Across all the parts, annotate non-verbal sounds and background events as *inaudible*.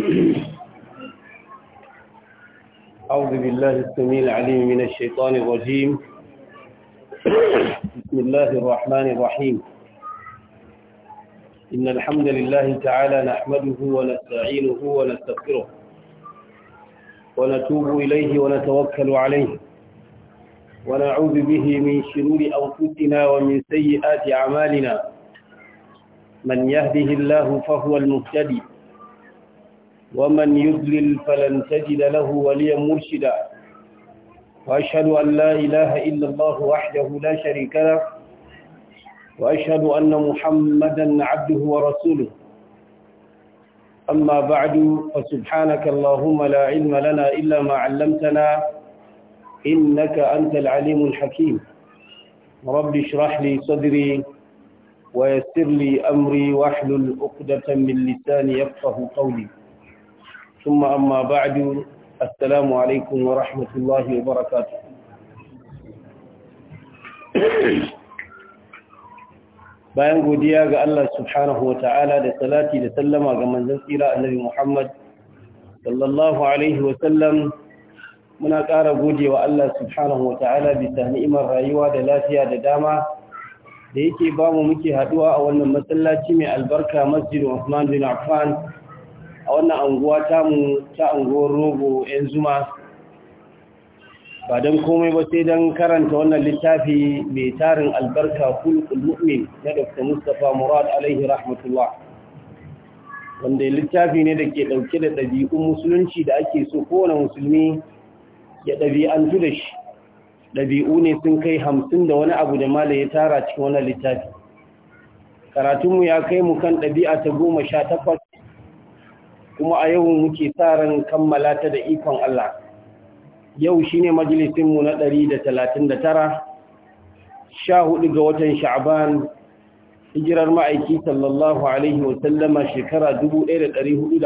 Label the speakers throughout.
Speaker 1: *coughs* أعوذ بالله السميع العليم من الشيطان الرجيم بسم الله الرحمن الرحيم إن الحمد لله تعالى نحمده ونستعينه ونستغفره ونتوب إليه ونتوكل عليه ونعوذ به من شرور أنفسنا ومن سيئات أعمالنا من يهده الله فهو المهتدي ومن يضلل فلن تجد له وليا مرشدا وأشهد أن لا إله إلا الله وحده لا شريك له وأشهد أن محمدا عبده ورسوله أما بعد فسبحانك اللهم لا علم لنا إلا ما علمتنا إنك أنت العليم الحكيم رب اشرح لي صدري ويسر لي أمري واحلل عقدة من لساني يفقه قولي ثم أما بعد السلام عليكم ورحمة الله وبركاته bayan godiya ga Allah subhanahu wa ta'ala da salati da sallama ga manzon tsira annabi Muhammad sallallahu alaihi wa sallam muna ƙara godewa Allah subhanahu wa ta'ala bisa ni'imar rayuwa da lafiya da dama da yake ba mu muke haduwa a wannan masallaci mai albarka Masjid Uthman bin Affan a wannan anguwa mu ta anguwar rogo yan zuma ba don komai ba sai don karanta wannan littafi mai tarin albarka kulkul mu'min na dr mustapha murad alaihi rahmatullah wanda littafi ne da ke ɗauke da ɗabi'un musulunci da ake so kowane musulmi ya ɗabi'antu da shi ɗabi'u ne sun kai hamsin da wani abu da mala ya tara cikin wannan littafi karatunmu ya kai mu kan ɗabi'a ta goma sha takwas kuma a yau muke sa ran kammala ta da ikon Allah yau shine majalisinmu na 139 sha hudu ga watan sha'aban hijirar ma'aiki sallallahu alaihi wasallama shekara 1447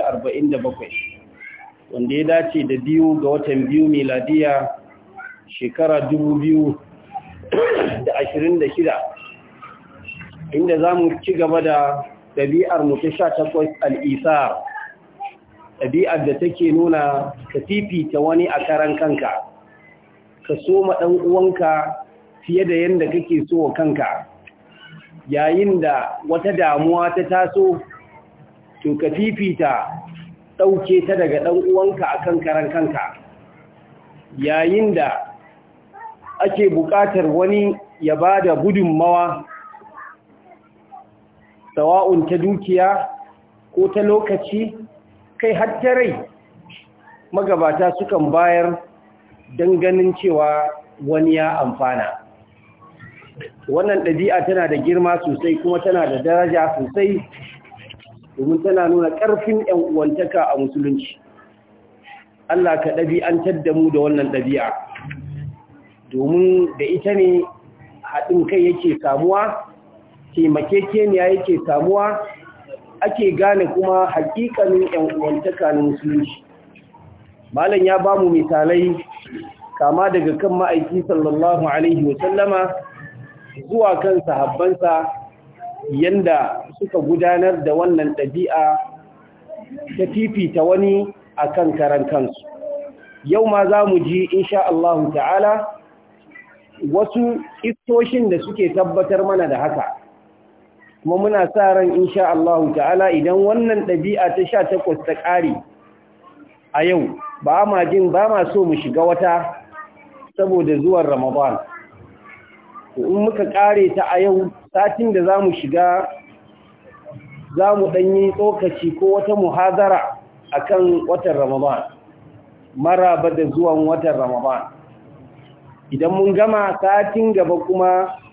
Speaker 1: wanda ya dace da biyu ga watan biyu miladiya shekara 2026 inda za mu ci gaba da ɗabi'ar mu sha takwas al'isar ɗabi'ar da take nuna ka fifita wani a karan kanka ka soma ɗan uwanka fiye da yadda kake so wa kanka yayin da wata damuwa ta taso to ka fifita ɗauke ta daga ɗan uwanka a kan karan kanka yayin da ake buƙatar wani ya ba da gudunmawa sawa'un ta dukiya ko ta lokaci kai hatta rai magabata sukan bayar don ganin cewa wani ya amfana wannan ɗabi'a tana da girma sosai kuma tana da daraja sosai domin tana nuna ƙarfin 'yan uwantaka a musulunci Allah ka ɗabi'antar da mu da wannan ɗabi'a domin da ita ne haɗin kai yake samuwa taimakekeniya yake samuwa ake gane kuma hakikanin ‘yan uwantaka na musulunci. Malam ya ba mu misalai kama daga kan ma'aiki sallallahu Alaihi wasallama zuwa kan sahabbansa yanda suka gudanar da wannan ɗabi'a ta fifita wani a kan karan kansu. Yau ma za mu ji, insha Allahu ta'ala, wasu istoshin da suke tabbatar mana da haka. kuma muna sa ran insha Allah ta'ala idan wannan ɗabi'a ta sha takwas ta ƙare a yau ba ma jin ba ma so mu shiga wata saboda zuwan Ramadan in muka ƙare ta a yau satin da za mu shiga za mu tsokaci ko wata muhazara akan watan Ramadan maraba da zuwan watan Ramadan idan mun gama satin gaba kuma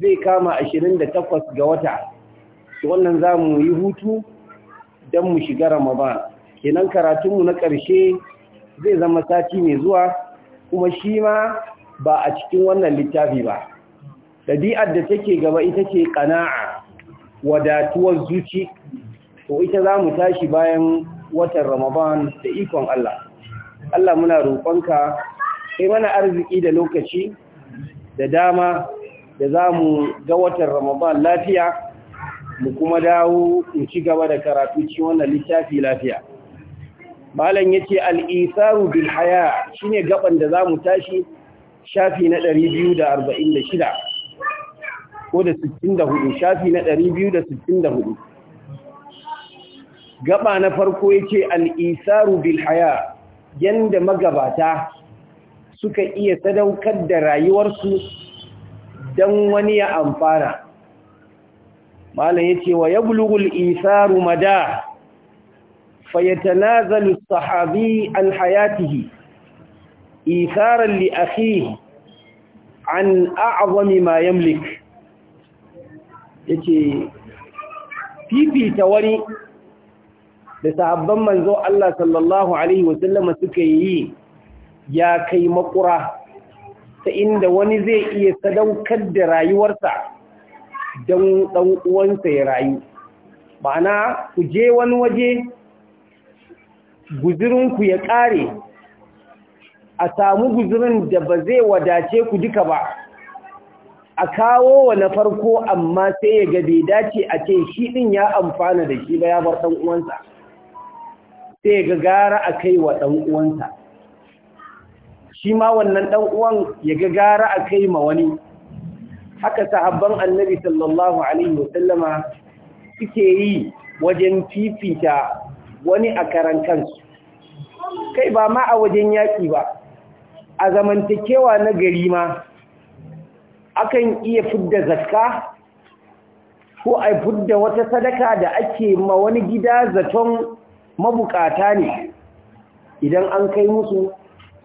Speaker 1: zai kama ashirin da 28 ga wata wannan za mu yi hutu don mu shiga ramadan kenan karatunmu na ƙarshe zai zama sati mai zuwa kuma shi ma ba a cikin wannan littafi ba ɗabi'ar da take gaba ita ce ƙana'a wadatuwar zuci Ko ita za mu tashi bayan watan ramadan da ikon Allah Allah muna roƙonka kai mana arziki da lokaci da dama da za mu ga watan Ramadan lafiya mu kuma dawo mu ci gaba da karatu cikin wannan littafi lafiya malam ya ce Al'isaru bil haya ne gaban da za mu tashi shafi na 246 ko da 64 shafi na 264 gaba na farko ya ce Al'isaru bil haya yanda magabata suka iya sadaukar da rayuwarsu don wani ya amfana malam ya ce wa ya bulugul isaru mada fayatanazalu sahabi an hayatihi isarar li an a'azami ma yamlik ce fifita wani da sahabban manzo Allah sallallahu alaihi wasallama suka yi ya kai makura ta inda wani zai iya sadaukar da rayuwarsa don ɗanuwansa ya rayu ma'ana ku je wani waje guzurinku ya ƙare a samu guzurin da ba zai wadace ku duka ba a kawo wa na farko amma sai ya gade bai dace a ce shi ɗin ya amfana da shi ba ya bar ɗan sai ga gara a kai wa ɗan uwansa shi ma wannan dan uwan ya ga gara a kai ma wani haka sahabban annabi sallallahu alaihi wasallama suke yi wajen fifita wani a karan kansu kai ba ma a wajen yaƙi ba a zamantakewa na gari ma akan iya fidda zakka ko a fidda wata sadaka da ake ma wani gida zaton mabukata ne idan an kai musu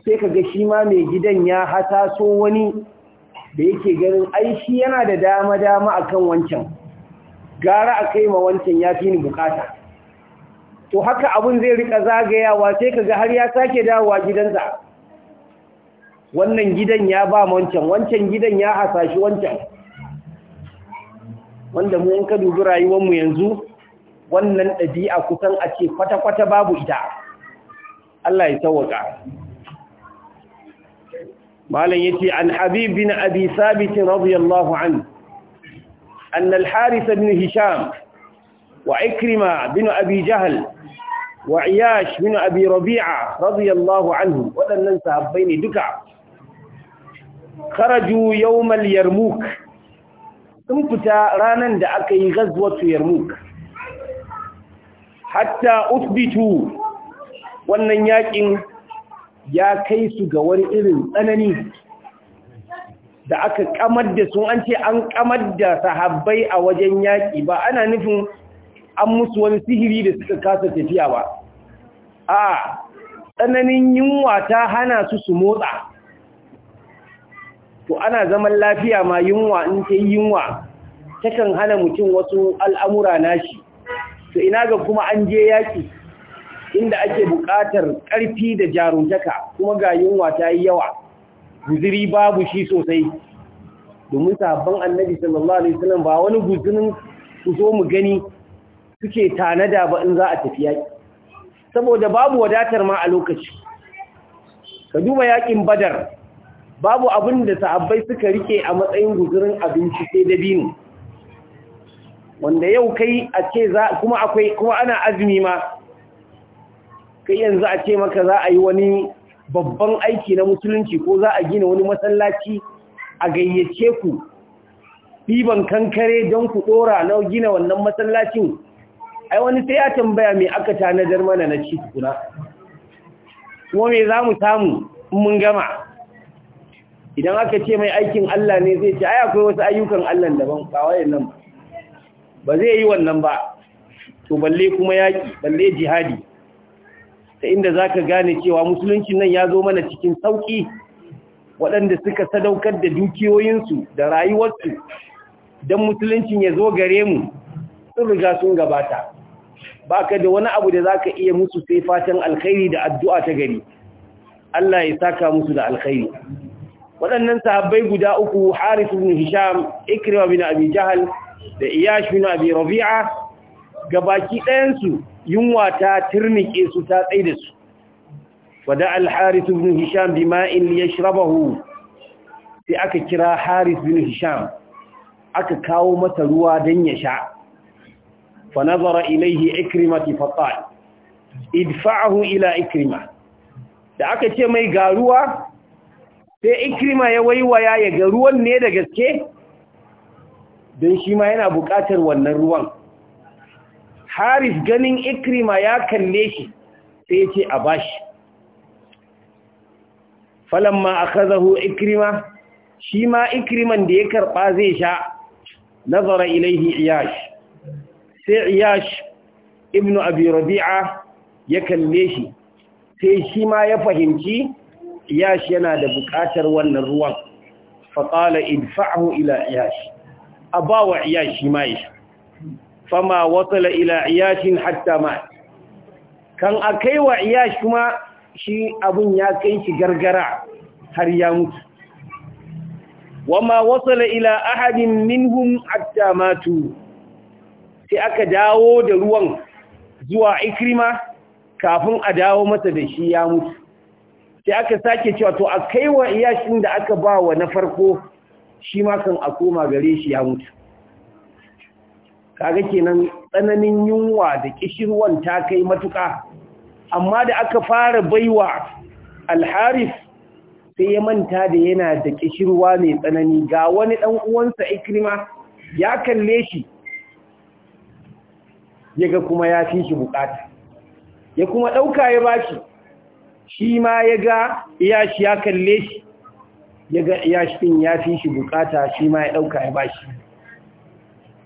Speaker 1: sai ka ga shi ma mai gidan ya hataso wani da yake ganin ai shi yana da dama-dama akan wancan gara a kai ma wancan ya fi ni bukata to haka abin zai rika zagayawa sai ka ga har ya sake dawowa gidansa wannan gidan ya ba wancan wancan gidan ya hasashi wancan wanda mu in ka dubi mu yanzu wannan ɗabi'a kusan a ce kwata-kwata babu ita Allah ya tawaka. يتي عن حبيب بن أبي ثابت رضي الله عنه أن الحارث بن هشام وعكرمة بن أبي جهل وعياش بن أبي ربيعة رضي الله عنهم ولن ننسى بين دكع خرجوا يوم اليرموك ثم فتا رانا دعكي غزوة يرموك حتى أثبتوا wannan yakin ya kai su ga wani irin tsanani da aka kamar da su. an ce an kamar da sahabbai a wajen yaƙi ba ana nufin an musu wani sihiri da suka kasa tafiya ba a tsananin yunwa ta hana su su motsa to ana zaman lafiya ma yunwa in ta yi yunwa takan hana mutum wasu al'amura nashi to ina ga kuma an je yaƙi inda ake buƙatar ƙarfi da jaruntaka kuma ga yunwa ta yi yawa guziri babu shi sosai domin sabon annabi sallallahu alaihi wasallam ba wani guzinin su zo mu gani suke tanada ba in za a tafi yaki saboda babu wadatar ma a lokaci ka duba yaƙin badar babu abin da sahabbai suka rike a matsayin guzurin abinci sai dabino wanda yau kai a ce kuma akwai kuma ana azumi ma kai yanzu a ce maka za a yi wani babban aiki na musulunci ko za a gina wani masallaci a gayyace ku ɗiban kankare don ku ɗora na gina wannan masallacin ai wani sai ya tambaya mai aka tanadar mana na ci kuna kuma me za mu samu mun gama idan aka ce mai aikin Allah ne zai ce ai akwai wasu ayyukan Allah daban ba wayan nan ba zai yi wannan ba to balle kuma yaki balle jihadi ta inda za ka gane cewa musulunci nan ya zo mana cikin sauƙi waɗanda suka sadaukar da dukiyoyinsu da rayuwarsu don musuluncin ya zo gare mu sun riga sun gabata ba ka da wani abu da za ka iya musu sai fatan alkhairi da addu'a ta gari Allah ya saka musu da alkhairi waɗannan sahabbai guda uku Haris bin hisham ikirwa bin abi jahal da iyash bin abi rabi'a ga baki ɗayansu yunwa ta turmike su ta tsaye da su wada al-harith ibn hisham bima'in yashrabahu sai aka kira harith bin hisham aka kawo masa ruwa dan ya sha fa nazara ilaihi ikrimah ti qala idfa'ahu ila ikrima da aka ce mai ga ruwa sai ikrima ya waiwaya ya ga ruwan ne da gaske don shi ma yana buƙatar wannan ruwan haris ganin ikrima ya kalle shi sai ya ce a bashi falamma akazahu ikrima shi ma ikriman da ya karɓa zai sha nazara ilaihi iyash sai iyash Ibn abi rabi'a ya kalle shi sai shi ma ya fahimci iyash yana da buƙatar wannan ruwan faqala idfa'hu ila iyash abawa iyash shi ma ya fama wasala ila iyashin hatta ma kan akai wa iyash kuma shi abun ya kai shi gargara har ya mutu wama wasala ila ahadin minhum hatta matu sai aka dawo da ruwan zuwa ikrima kafin a dawo masa da shi ya mutu sai aka sake cewa to a kai wa iyashin da aka ba wa na farko shi ma kan a koma gare shi ya mutu kaga kenan tsananin yunwa da kishirwan ta kai matuka amma da aka fara baiwa alharif sai ya manta da yana da kishirwa mai tsanani ga wani dan uwansa ikrima ya kalle shi yaga kuma ya fi shi bukata ya kuma dauka ya bashi shi ma yaga iyashi ya kalle shi yaga din ya fi shi bukata shi ma ya dauka ya bashi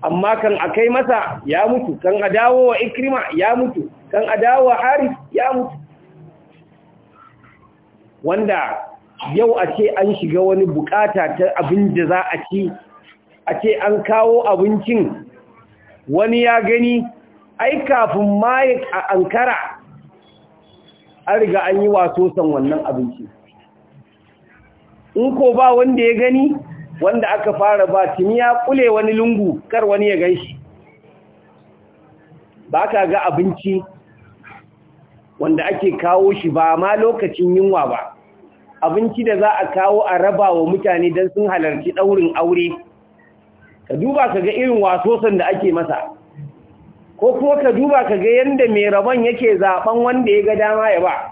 Speaker 1: amma kan a kai masa ya mutu kan a dawo wa ikrima ya mutu kan a dawo wa haris ya mutu wanda yau a ce an shiga wani bukata ta abin da za a ci a ce an kawo abincin wani ya gani ai kafin ma a ankara an riga an yi waso san wannan abinci in ko ba wanda ya gani wanda aka fara ba tuni ya kule wani lungu kar wani ya ganshi ba ka ga abinci wanda ake kawo shi ba ma lokacin yunwa ba abinci da za a kawo a raba wa mutane don sun halarci ɗaurin aure ka duba ka ga irin wasosan da ake masa ko kuma ka duba ka ga yadda mai rabon yake zaben wanda ya ga dama ya ba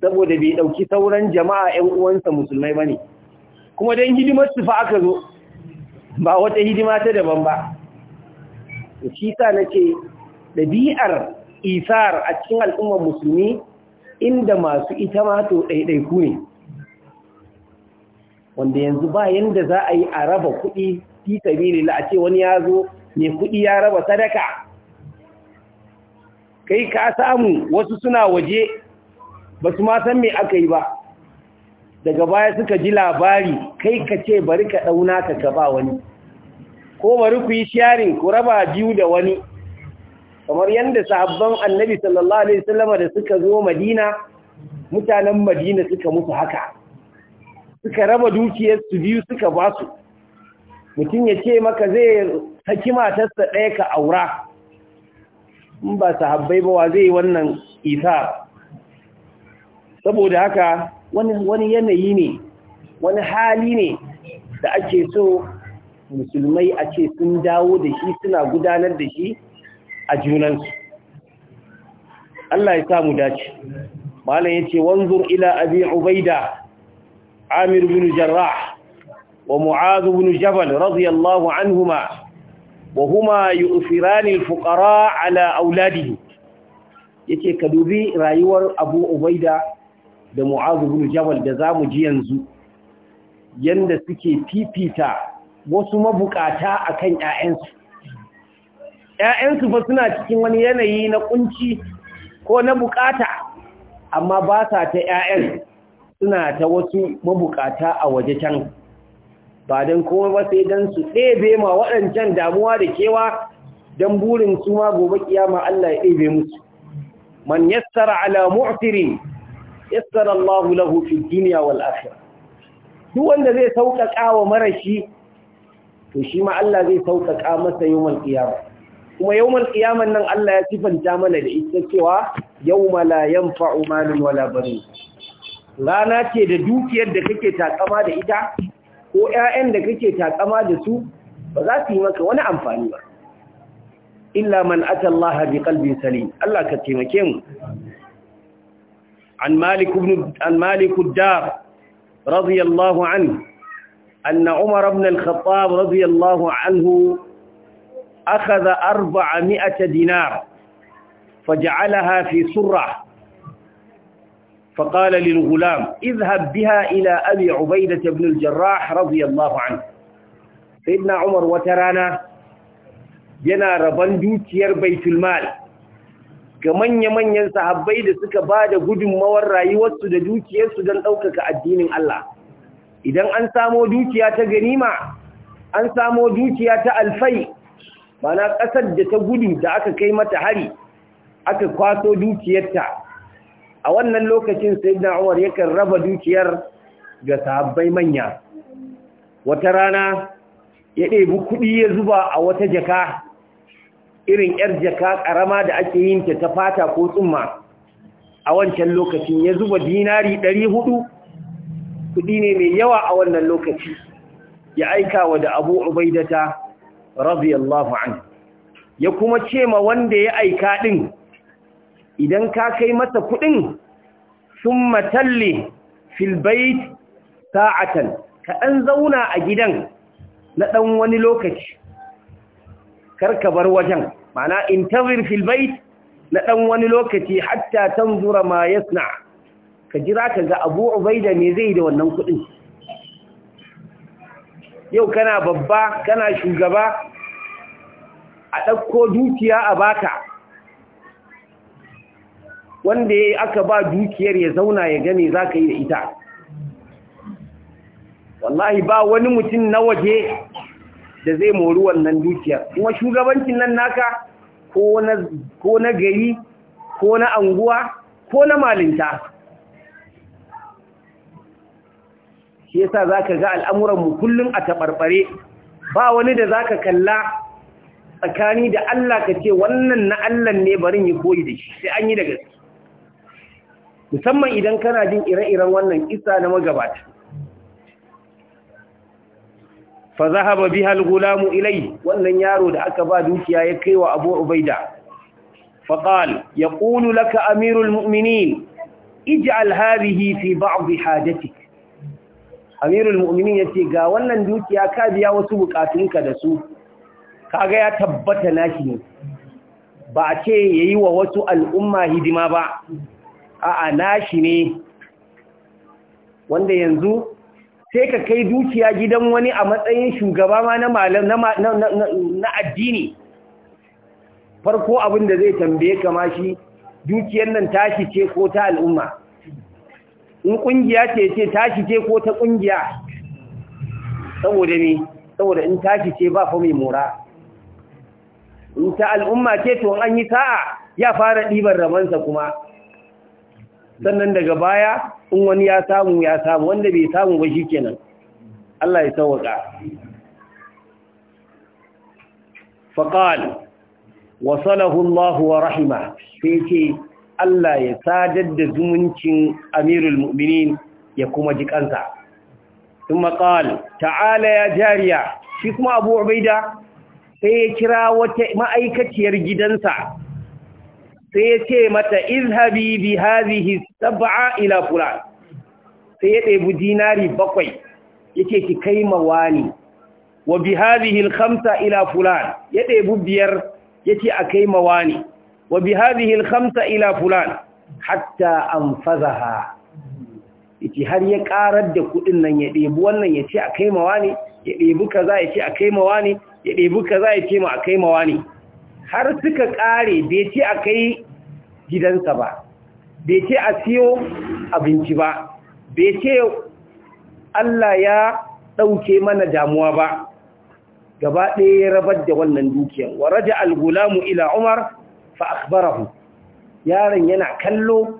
Speaker 1: saboda bai ɗauki sauran jama'a 'yan uwansa musulmai ba ne kuma don hidimar su fa aka zo ba wata hidima ta daban ba shi sa na ce ɗabi'ar isar a cikin al'ummar musulmi inda masu ita mato ɗaiɗaiku ne wanda yanzu ba yanda za a yi a raba kuɗi fi a ce wani ya zo mai kuɗi ya raba sadaka kai ka samu wasu suna waje ba su ma san me aka yi ba daga baya suka ji labari kai ka ce bari ka dauna ka ka wani ko bari ku yi sharing ku raba biyu da wani kamar yadda sahabban annabi sallallahu alaihi wasallam da suka zo madina mutanen madina suka musu haka suka raba dukiyar su biyu suka ba su mutum ya ce maka zai saki matarsa ɗaya ka aura in ba sahabbai ba wa zai wannan isa saboda haka wani yanayi ne wani hali ne da ake so musulmai a ce sun dawo da shi suna gudanar da shi a junansu Allah ya samu dace malam yace wanzur ila abi ubaida amir bin jarrah wa mu'adh bin jabal radiyallahu anhuma wa huma yu'thiran al ala auladihi yace ka dubi rayuwar abu ubaida da mu'azu bin jabal da zamu ji yanzu yanda suke fifita wasu mabukata akan 'ya'yansu. Ya'yansu ba suna cikin wani yanayi na kunci ko na bukata amma ba sa ta 'ya'yan suna ta wasu mabukata a waje can ba don kuma ba sai don su ɗebe ma waɗancan damuwa da kewa don burin su ma gobe kiyama Allah ya ɗebe musu man yassara ala mu'tirin yassarallahu lahu fi duniya wal akhirah duk wanda zai sauƙaƙa wa marashi to shi ma Allah zai sauƙaƙa masa yawmal qiyama kuma yawmal qiyaman nan Allah ya sifanta mana da ita cewa yawma la yanfa'u malun wala banun rana ce da dukiyar da kake takama da ita ko ƴaƴan da kake takama da su ba za su yi maka wani amfani ba illa man atallaha bi qalbin salim Allah ka taimake mu عن مالك بن عن مالك الدار رضي الله عنه أن عمر بن الخطاب رضي الله عنه أخذ أربعمائة دينار فجعلها في سرة فقال للغلام اذهب بها إلى أبي عبيدة بن الجراح رضي الله عنه سيدنا عمر وترانا yana rabon dukiyar بيت المال ga manya-manyan sahabbai da suka ba da gudunmawar rayuwarsu da dukiyarsu don ɗaukaka addinin Allah. Idan an samo dukiya ta ganima, an samo dukiya ta alfai, mana ƙasar da ta gudu da aka kai mata hari, aka kwaso dukiyarta. A wannan lokacin na Umar yakan raba dukiyar ga sahabbai manya. Wata rana ya ɗebi kuɗi ya zuba a wata jaka irin yar jaka karama da ake yin ta ta fata ko tsumma a wancan lokacin ya zuba dinari 400 kudi ne mai yawa a wannan lokaci ya aika wa da Abu Ubaidata radiyallahu anhu ya kuma ce ma wanda ya aika din idan ka kai masa kudin summa talli fil bait sa'atan ka dan zauna a gidan na dan wani lokaci karka bar wajen Mana intazir fil na ɗan wani lokaci hatta tanzura ma yasna ka jira ka ga Abu Ubaida me zai da wannan kudin yau kana babba kana shugaba a ɗauko dukiya a baka wanda ya aka ba dukiyar ya zauna ya gane za ka yi da ita wallahi ba wani mutum na waje da zai mori wannan dukiyar kuma shugabancin nan naka ko na gari ko na anguwa ko na malinta shi yasa zaka ga al'amuran mu kullum a taɓarɓare ba wani da zaka kalla tsakani da Allah ka ce wannan na Allah ne barin yi koyi da shi sai an yi da gaske musamman idan kana jin ire-iren wannan kisa na magabata fa zahaba biha al-gulam ilayhi wannan yaro da aka ba dukiya ya kaiwa Abu Ubaida fa qal yaqulu laka amirul mu'minin ij'al hadhihi fi ba'd hajatik amirul mu'minin yace ga wannan dukiya ka biya wasu bukatunka da su kaga ya tabbata nashi ne ba a ce yayi wa wasu al'umma hidima ba a'a nashi ne wanda yanzu sai ka kai dukiya gidan wani a matsayin shugaba ma na malam na addini farko abin da zai tambaye kama shi dukiyar nan tashi ce ko ta al'umma in kungiya ce ce tashi ce ko ta kungiya saboda ne saboda in tashi ce ba fa mai mora in ta al'umma ce to an yi sa'a ya fara ɗiban ramansa kuma sannan daga baya in wani ya samu ya samu wanda bai samu ba shikenan Allah ya sauka faqal wasalahu Allah wa rahima sai ce Allah ya sadar da zumuncin amirul mu'minin ya kuma ji kansa kuma qal ta'ala ya jariya shi kuma abu ubaida sai ya kira wata ma'aikaciyar gidansa sai ya ce mata izhabi bi hazihi sab'a ila fulan sai ya ɗebi dinari bakwai yake ki kai mawani wa bi hazihi al-khamsa ila fulan ya ɗebi biyar yake a kai mawani wa bi hazihi al-khamsa ila fulan hatta anfazaha yake har ya karar da kudin nan ya ɗebi wannan yace a kai mawani ya ɗebi kaza yace a kai mawani ya ɗebi kaza yace ma a kai mawani har suka ƙare bai ce a kai gidansa ba bai ce a siyo abinci ba bai ce Allah ya ɗauke mana damuwa ba gaba ɗaya ya rabar da wannan dukiyar wa raja al-gulamu ila umar fa akhbarahu yaron yana kallo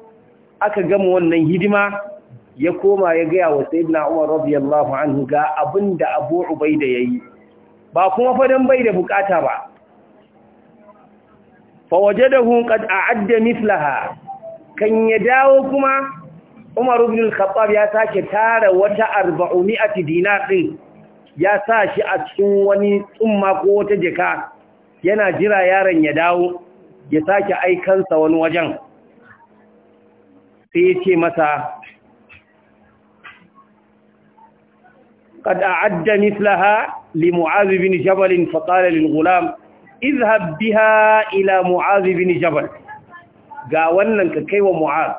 Speaker 1: aka gama wannan hidima ya koma ya gaya wa sayyidina umar radiyallahu anhu ga abinda abu ubaida yayi ba kuma fadan bai da bukata ba fawajadahu qad a'adda mislaha kan ya dawo kuma Umar ibn al-Khattab ya sake tara wata 400 dinar din ya sa shi a cikin wani tsumma ko wata jaka yana jira yaron ya dawo ya sake aikansa wani wajen sai ya ce masa قد أعد مثلها لمعاذ بن جبل فقال للغلام izhab biha ila mu'az bin jabal ga wannan ka kaiwa mu'az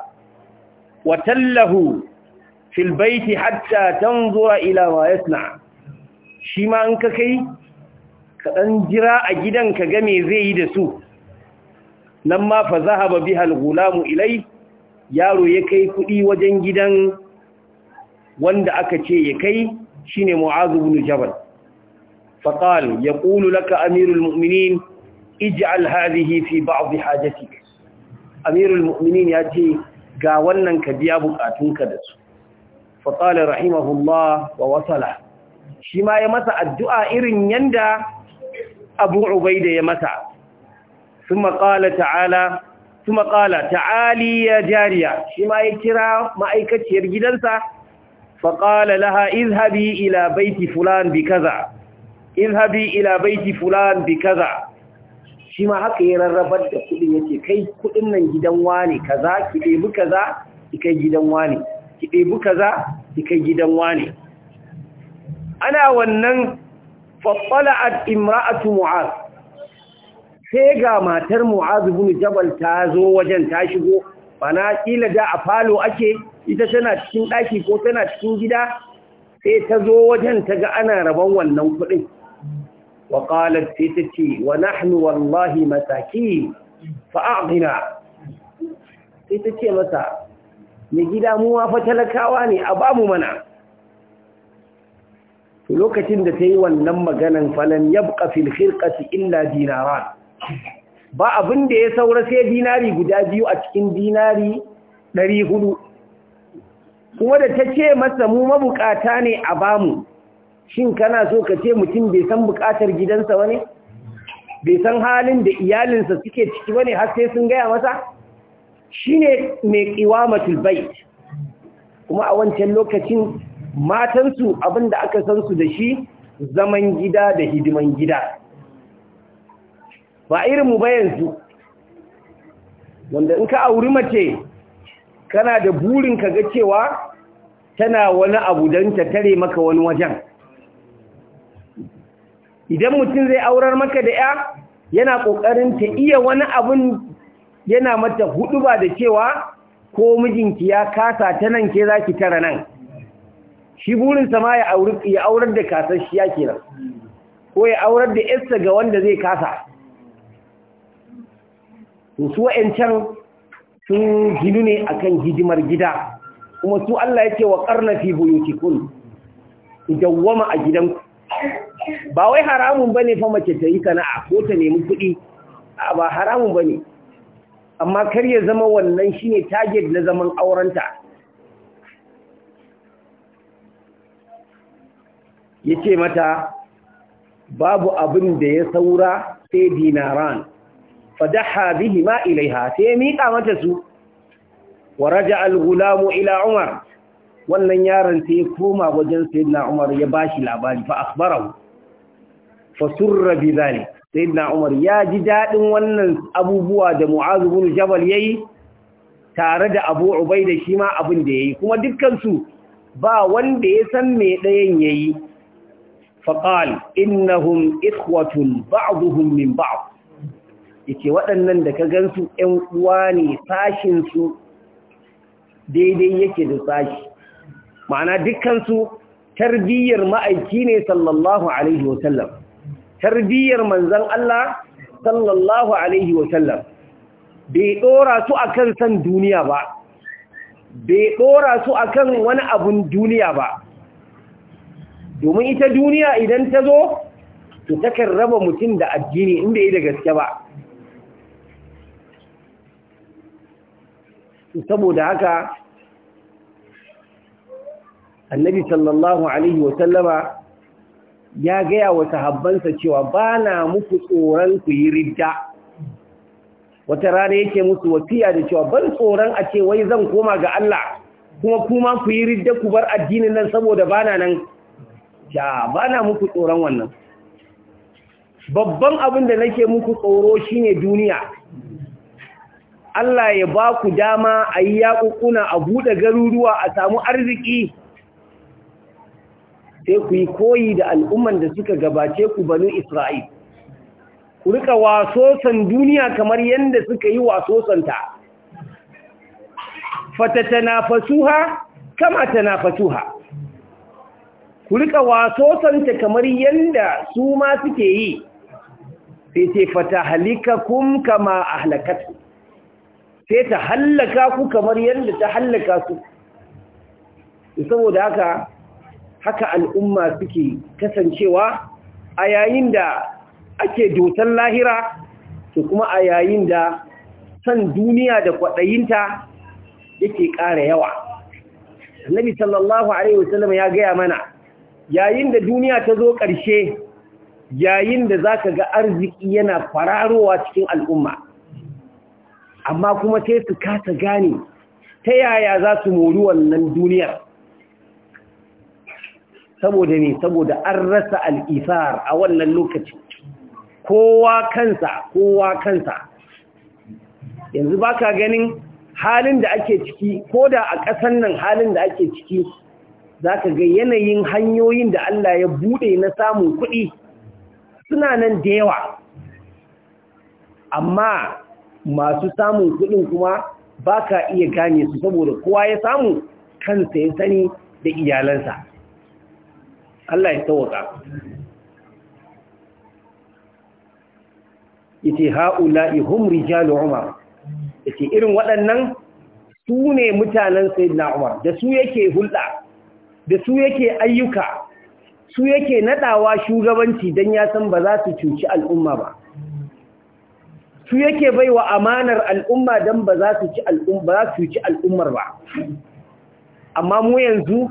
Speaker 1: wa tallahu fil baiti hatta tanzura ila ma yasna shi ma an ka kai ka dan jira a gidan ka ga me zai yi da su nan ma fa zahaba biha al-gulamu ilai yaro ya kai kudi wajen gidan wanda aka ce ya kai shine mu'az bin jabal فقال يقول لك أمير المؤمنين اجعل هذه في بعض حاجتك أمير المؤمنين يأتي قاولنا كبيابك أتنك دسو فقال رحمه الله ووصله شما يمسع الدعاء إرن يندى أبو عبيد يمسع ثم قال تعالى ثم قال تعالي يا جارية شما يكرا ما أيكتشير جدنسا فقال لها اذهبي إلى بيت فلان بكذا izhabi ila baiti fulan bi kaza shi ma haka ya rarrabar da kudin yake kai kudin nan gidan wani kaza ki ɗebi kaza ki kai gidan wani ki ɗebi kaza ki kai gidan wani ana wannan fattala'at imra'atu mu'az sai ga matar mu'az bin jabal ta zo wajen ta shigo bana kila da a falo ake ita tana cikin ɗaki ko tana cikin gida sai ta zo wajen ta ga ana rabon wannan kuɗin wa qalat sai ta ce wa nahnu wallahi mataki fa a'dina sai ta ce masa mai gida mu ma fa talakawa ne a bamu mana lokacin da ta yi wannan maganan falan yabqa fil khirqati illa dinaran ba abin da ya saura sai dinari guda biyu a cikin dinari ɗari 400 kuma da ta ce masa mu mabukata ne a bamu shin kana so ka ce mutum bai san bukatar gidansa wani bai san halin da iyalinsa suke ciki ba ne har sai sun gaya masa Shi ne mai ƙiwa matulbai kuma a wancan lokacin matansu abinda aka san su da shi zaman gida da hidiman gida ba irin mu yanzu wanda in ka auri mace kana da burin ka ga cewa tana wani abu don ta tare maka wani wajen idan mutum zai aurar maka da ya yana ƙoƙarin ta iya wani abun yana mata hudu ba da cewa ko mijinki ya kasa ta nan ke za ki tara nan shi burinsa ma ya aurar da shi ke nan, ko ya aurar da yarsa ga wanda zai kasa su wa'ancan sun ginu ne akan hidimar gida kuma su Allah yake wa karna fi buyutikun dawwama a gidanku ba wai haramun bane fa mace ta yi sana'a ko ta nemi kuɗi a ba haramun bane amma kar ya zama wannan shine target na zaman aurenta yace mata babu abin da ya saura sai dinaran fadaha ma ilaiha sai mika mata su wa raja al-gulamu ila umar wannan yaron sai ya koma wajen sayyidina umar ya bashi labari fa akhbarahu fasurra bi sayyidina umar ya ji dadin wannan abubuwa da mu'az ibn jabal yayi tare da abu ubaida shi ma abin da yayi kuma dukkan su ba wanda ya san me dayan yayi faqal innahum ikhwatun ba'dhum min ba'd yace waɗannan da ka gansu ƴan uwa ne sashin su daidai yake da sashi ma'ana dukkan su tarbiyyar ma'aiki ne sallallahu alaihi wasallam tarbiyyar manzan Allah sallallahu alaihi wasallam bai ɗora su akan san duniya ba bai ɗora su akan wani abun duniya ba domin ita duniya idan ta zo to takan raba mutum da addini in yi da gaske ba saboda haka annabi sallallahu alaihi wasallama ya gaya wa sahabbansa cewa ba na muku tsoron ku yi ridda wata rana yake musu wasiya da cewa ban tsoron a ce wai zan koma ga Allah kuma kuma ku yi ridda ku bar addinin nan saboda bana nan ja bana muku tsoron wannan babban abin da nake muku tsoro shine duniya Allah ya ba ku dama a yi yaƙuƙuna a buɗe garuruwa a samu arziki sai ku yi koyi da al'umman da suka gabace ku banu Isra'il. Ku rika wasosan duniya kamar yadda suka yi wasosanta. Fatatanafasuha kama fasuha. Ku rika wasosanta kamar yadda su ma suke yi, sai ce fata kum kama halakatu. Sai ta hallaka ku kamar yadda ta hallaka su. Saboda haka, haka al'umma suke kasancewa a yayin da ake dotan lahira to kuma a yayin da san duniya da kwaɗayinta yake ƙara yawa annabi sallallahu alaihi wasallam ya gaya mana yayin da duniya ta zo ƙarshe yayin da za ka ga arziki yana fararowa cikin al'umma amma kuma sai su kasa gane ta yaya za su mori wannan duniyar saboda ne saboda an rasa al'isar a wannan lokaci kowa kansa kowa kansa yanzu ba ka ganin halin da ake ciki ko da a ƙasan nan halin da ake ciki za ka ga yanayin hanyoyin da Allah ya buɗe na samun kuɗi suna nan da yawa amma masu samun kuɗin kuma ba ka iya gane su saboda kowa ya samu kansa ya sani da iyalansa Allah ya tawaka yace haula'i hum rijalu umar yace irin waɗannan sune mutanen sayyidina umar da su yake hulɗa da su yake ayyuka su yake nadawa shugabanci dan ya san ba za su cuci al'umma ba su yake baiwa amanar al'umma dan ba za su ci al'umma ba za su cuci al'ummar ba amma mu yanzu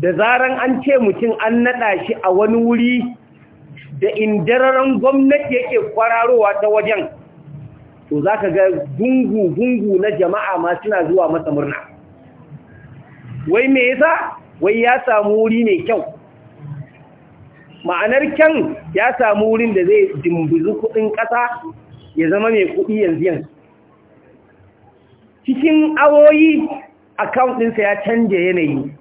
Speaker 1: da zaran an ce mutum an naɗa shi a wani wuri da indararren gwamnati yake kwararowa ta wajen to za ka ga gungu-gungu na jama'a ma suna zuwa masa murna wai me yasa wai ya samu wuri mai kyau ma'anar kyan ya samu wurin da zai dimbizu kuɗin ƙasa ya zama mai kuɗi yanzu yanzu cikin awoyi akawun ɗinsa ya canza yanayi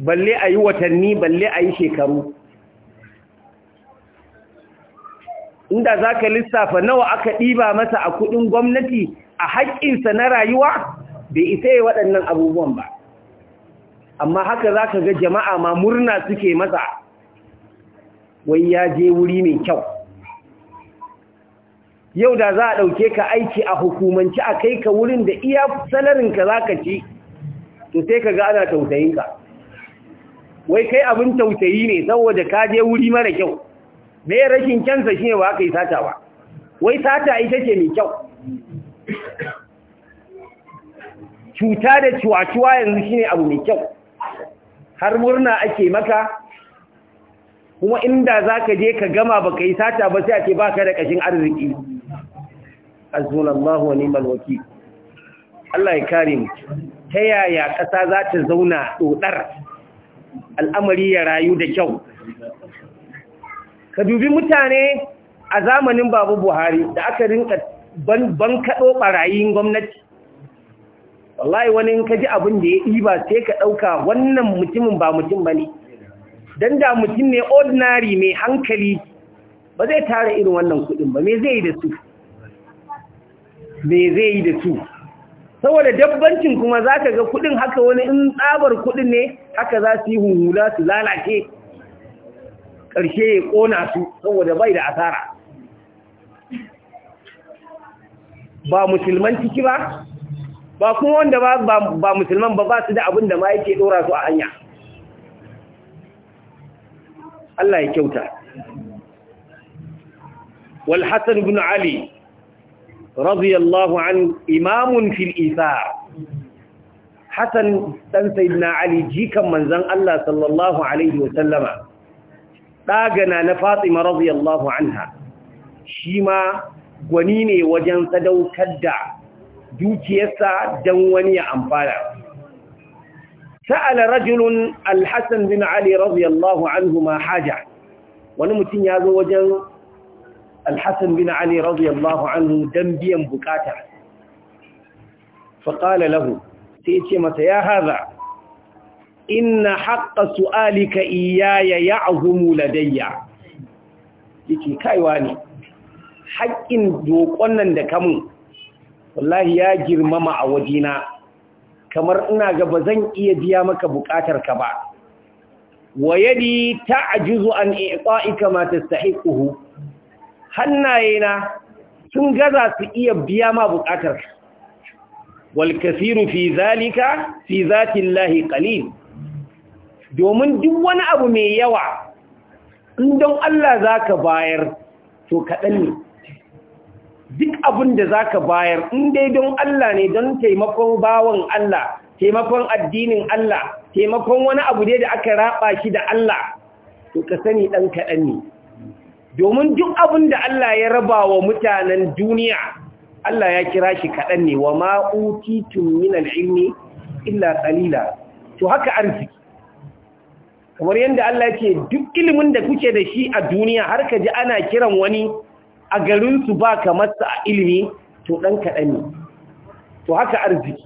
Speaker 1: balle a yi watanni balle a yi shekaru inda za ka lissafa nawa aka ɗiba masa a kuɗin gwamnati a haƙƙinsa na rayuwa bai isa yi waɗannan abubuwan ba amma haka za ka ga jama'a ma murna suke masa wai ya je wuri mai kyau yau da za a ɗauke ka aiki a hukumanci a kai ka wurin da iya salarinka za ka ci to sai ka ga ana tausayinka wai kai abin tausayi ne saboda ka je wuri mara kyau me rashin kyansa shine ba ka yi sata ba wai sata ita ce mai kyau cuta da cuwa-cuwa yanzu shine abu mai kyau har murna ake maka kuma inda za ka je ka gama ba ka yi sata ba sai ake baka da ƙashin arziki azunallahu wa ni'mal Allah ya kare mu ta yaya ƙasa za ta zauna dodar al'amari ya rayu da kyau ka dubi mutane a zamanin babu buhari da aka rinka ban kaɗo ɓarayin gwamnati wallahi wani in ka ji abin da ya ɗiba sai ka ɗauka wannan mutumin ba mutum ba ne don da mutum ne ordinary mai hankali ba zai tara irin wannan kuɗin ba me zai yi da su me zai yi da su saboda dabbancin kuma za ka ga kudin haka wani in tsabar kudin ne haka za su yi hunhula su lalace ƙarshe ya ƙona su saboda bai da asara ba musulman ciki ba ba kuma wanda ba musulman ba ba su da abin da ma yake ɗora su a hanya Allah ya kyauta Walhassan bin Ali radiyallahu an imamun fil ithar hasan ɗan Sayyidina Ali jikan manzan Allah sallallahu Alaihi wasallama, ɗagana na Fatima radiyallahu anha, shi ma gwani ne wajen sadaukar da dukiyarsa dan wani ya amfana. Sa'ala rajulun Alhassan bin Ali radiyallahu anhu ma haja, wani mutum ya zo wajen alhassan bin ali radiyallahu anhu dan biyan buƙatar. faƙala lahu sai ce masa ya haza inna haƙƙa su'alika iyaya ya azumu ladayya yake kaiwa ne haƙƙin doƙon nan da mun. wallahi ya girmama a wajena kamar ina ga ba zan iya biya maka buƙatar ka ba wa yadi ta'jizu an i'ta'ika ma tastahiquhu hannayena sun gaza su iya biya ma bukatar wal kasiru fi zalika fi zatillahi qalil domin duk wani abu mai yawa in don Allah zaka bayar to kaɗan ne duk abin da zaka bayar in dai don Allah ne don taimakon bawon Allah taimakon addinin Allah taimakon wani abu dai da aka raba shi da Allah to ka sani dan kaɗan ne domin duk abin da Allah ya raba wa mutanen duniya Allah ya kira shi kaɗan ne wa ma'utitun min ilmi illa qalila to haka arziki kamar yadda Allah ce duk ilimin da kuke da shi a duniya har ka ji ana kiran wani a garinsu ba kamar sa a ilimi to ɗan kaɗan ne to haka arziki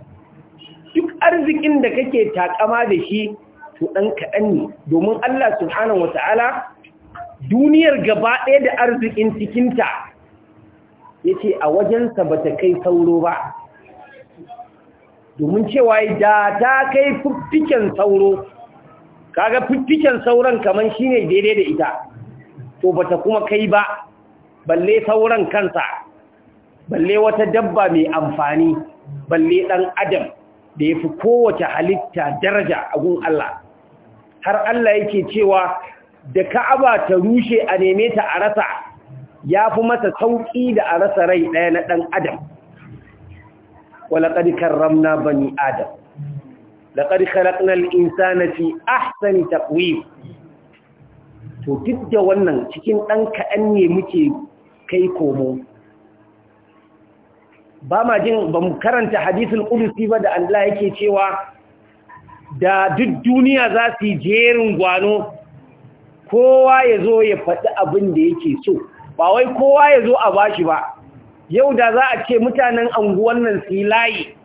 Speaker 1: duk arzikin da kake takama da shi to ɗan kaɗan ne domin Allah subhanahu wa duniyar gaba ɗaya da arzikin cikinta ya ce a wajensa ba ta kai sauro ba domin cewa da ta kai fiffiken sauro kaga fiffiken sauran shi shine daidai da ita to bata kuma kai ba balle sauran kansa balle wata dabba mai amfani balle ɗan adam da ya fi kowace halitta daraja a gun Allah har Allah yake cewa da ka'aba ta rushe a neme ta a rasa ya fi masa sauƙi da a rasa rai ɗaya na ɗan adam Ramna ba bani adam laƙar khalaqnal na fi ahsani taqwim to duk da wannan cikin ɗan kaɗan ne muke kai komo ba ma jin ba mu karanta hadisun ƙudusi ba da Allah yake cewa da duk duniya za su yi jerin gwano kowa ya zo ya faɗi abin da yake so ba wai kowa ya zo a bashi ba yau da za a ce mutanen anguwan nan su layi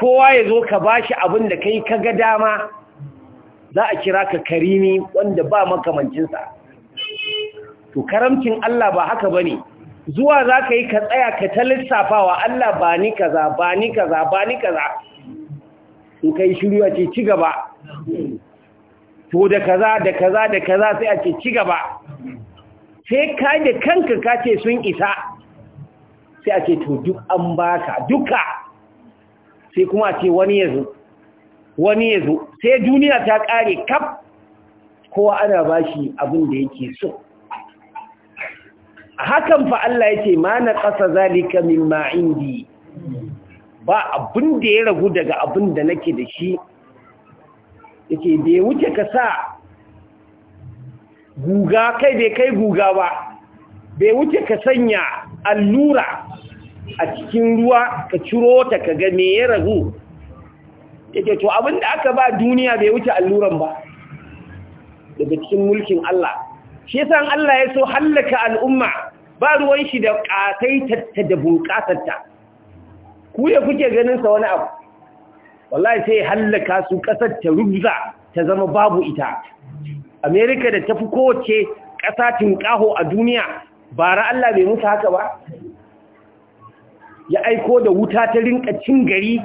Speaker 1: kowa ya zo ka bashi abin da kai ka ga dama za a kira ka karimi wanda ba makamancinsa to karamcin Allah ba haka ba ne zuwa za ka yi ka tsaya ka ta lissafawa Allah ba ni kaza ba ni kaza ba ni kaza in ka yi ce ci gaba to da kaza da kaza da kaza sai a ce ci gaba sai ka da kanka ka ce sun isa sai a ce to duk an baka duka sai kuma a ce wani ya wani ya sai duniya ta kare kaf kowa ana bashi abin da yake so hakan fa Allah ya ce ma na ƙasa zalika mimma indi ba abin da ya ragu daga abin da nake da shi da bai wuce ka sa guga kai bai kai guga ba bai wuce ka sanya allura a cikin ruwa ka ciro ta ka ga me ya ragu yake to abinda aka ba duniya bai wuce alluran ba daga cikin mulkin Allah shi yasa Allah ya so hallaka al'umma ba ruwan shi da katai ta da bunƙasar ta ku ya kuke ganin sa wani abu wallahi sai ya hallaka su kasar ta rubza ta zama babu ita america da tafi kowace ƙasa tinƙaho a duniya bara Allah bai mutu haka ba ya aiko da wuta ta rinka cin gari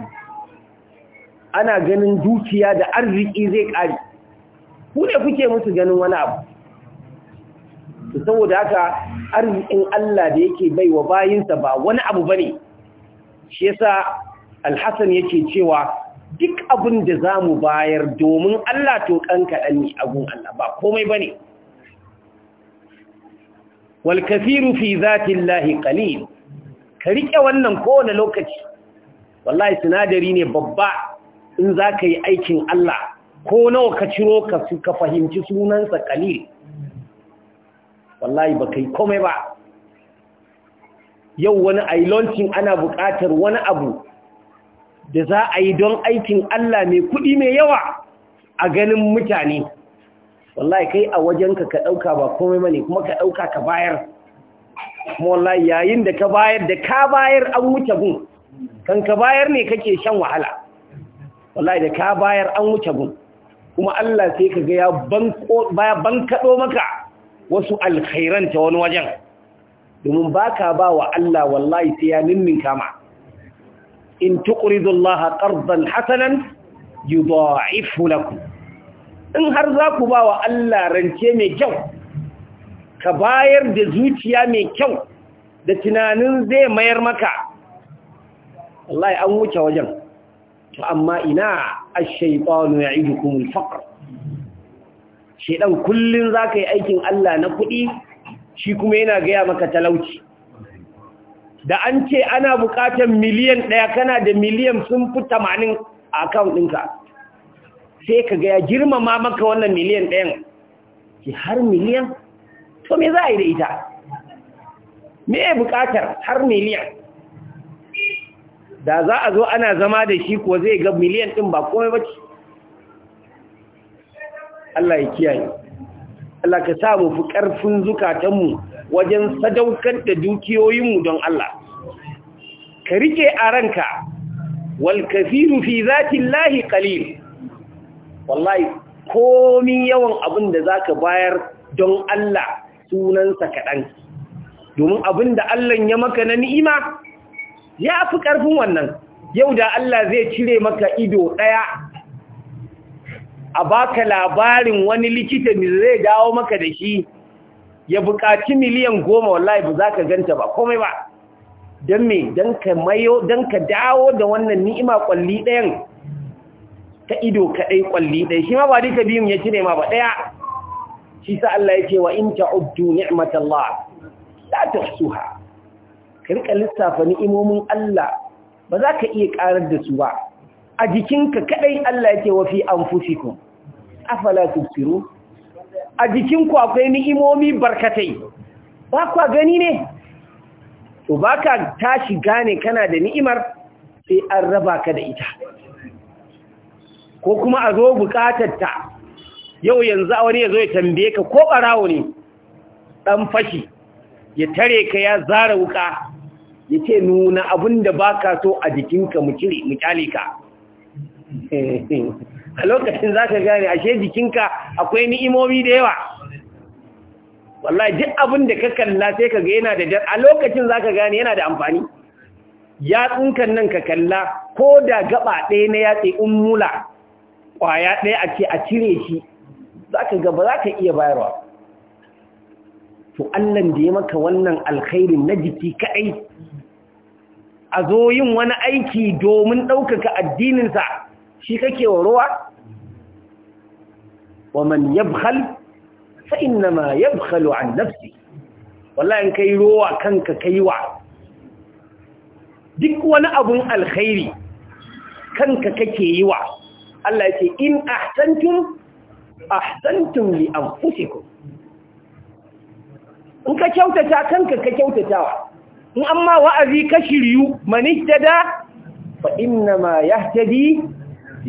Speaker 1: ana ganin dukiya da arziki zai kare ku ne kuke musu ganin wani abu to saboda haka arzikin Allah da yake bai wa bayinsa ba wani abu bane shi yasa al-Hasan yake cewa duk abin da za mu bayar domin Allah to kan kaɗan ne abin Allah ba komai ba ne walkafiru fi zatin lahi ƙalil ka riƙe wannan kowane lokaci wallahi sinadari ne babba in za ka yi aikin Allah ko nawa ka ciro ka ka fahimci sunansa ƙalil wallahi ba ka yi komai ba yau wani ailoncin ana buƙatar wani abu da za a yi don aikin Allah mai kuɗi mai yawa a ganin mutane wallahi kai a wajenka ka ɗauka ba komai mani kuma ka ɗauka ka bayar kuma wallahi yayin da ka bayar da ka bayar an wuce gun kan ka bayar ne kake shan wahala wallahi da ka bayar an wuce gun kuma Allah sai ka ga ya bankaɗo maka wasu alkhairanta wani wajen domin ba ka ba wa Allah wallahi sai ya ninninka ma in tuqridu Allah qardan hasanan yudha'ifu lakum in har za ku ba wa Allah rance mai kyau ka bayar da zuciya mai kyau da tunanin zai mayar maka wallahi an wuce wajen to amma ina ash-shaytanu ya'idukum al-faqr shedan kullun zaka yi aikin Allah na kuɗi shi kuma yana gaya maka talauci da an ce ana buƙatar miliyan ɗaya kana da miliyan sun fi tamanin a akawun ɗinka sai ka ga ya girmama maka wannan miliyan ɗayan ki har miliyan to me za a yi da ita me ya buƙatar har miliyan da za a zo ana zama da shi ko zai ga miliyan ɗin ba komai ba ce Allah ya kiyaye Allah ka sa mu fi ƙarfin zukatanmu wajen sadaukar da dukiyoyinmu don Allah ka rike a ranka wal kafiru fi zati lahi kalil. wallahi komi yawan abin da za ka bayar don Allah sunansa kaɗan domin abin da Allah ya maka na ni'ima ya fi ƙarfin wannan yau da Allah zai cire maka ido ɗaya a baka labarin wani likita mai zai dawo maka da shi ya buƙaci miliyan goma wallahi ba za ka ganta ba komai ba don me don ka mayo don ka dawo da wannan ni'ima kwalli ɗayan ta ido kaɗai kwalli ɗaya shi ma ba duka biyun ya cire ma ba ɗaya shi sa Allah ya ce wa in ta'uddu ni'matallah la tuhsuha ka rika lissafa ni'imomin Allah ba za ka iya karar da su ba a jikinka kaɗai Allah ya ce wa fi anfusikum afala tusiru a jikinku akwai ni'imomi barkatai ba kwa gani ne to ba ka tashi gane kana da ni'imar sai an raba ka da ita ko kuma a zo ta, yau yanzu a wani ya zo ya tambaye ka ko ɓarawo ne Dan fashi ya tare ka ya zara wuka ya ce nuna abinda baka so a jikinka mu kyale ka *laughs* a lokacin za ka gane ashe jikinka akwai ni'imomi da yawa wallahi duk abin da ka kalla sai ka ga yana da jar a lokacin za ka gane yana da amfani yatsunkan nan ka kalla ko da gaba ɗaya na yatsi in mula ƙwaya ɗaya a ce a cire shi za ka gaba za ka iya bayarwa to allan da ya maka wannan alkhairin na jiki kaɗai a zo yin wani aiki domin ɗaukaka addininsa shi kake wa ruwa ومن يبخل فإنما يبخل عن نفسه والله إن كي روى كنك كي وعى دك ونأب الخير كنك كي وعى الله يتي إن أحسنتم أحسنتم لأنفسكم in ka kyautata kanka ka kyautatawa in amma wa'azi ka shiryu manijjada fa inna ma yahtadi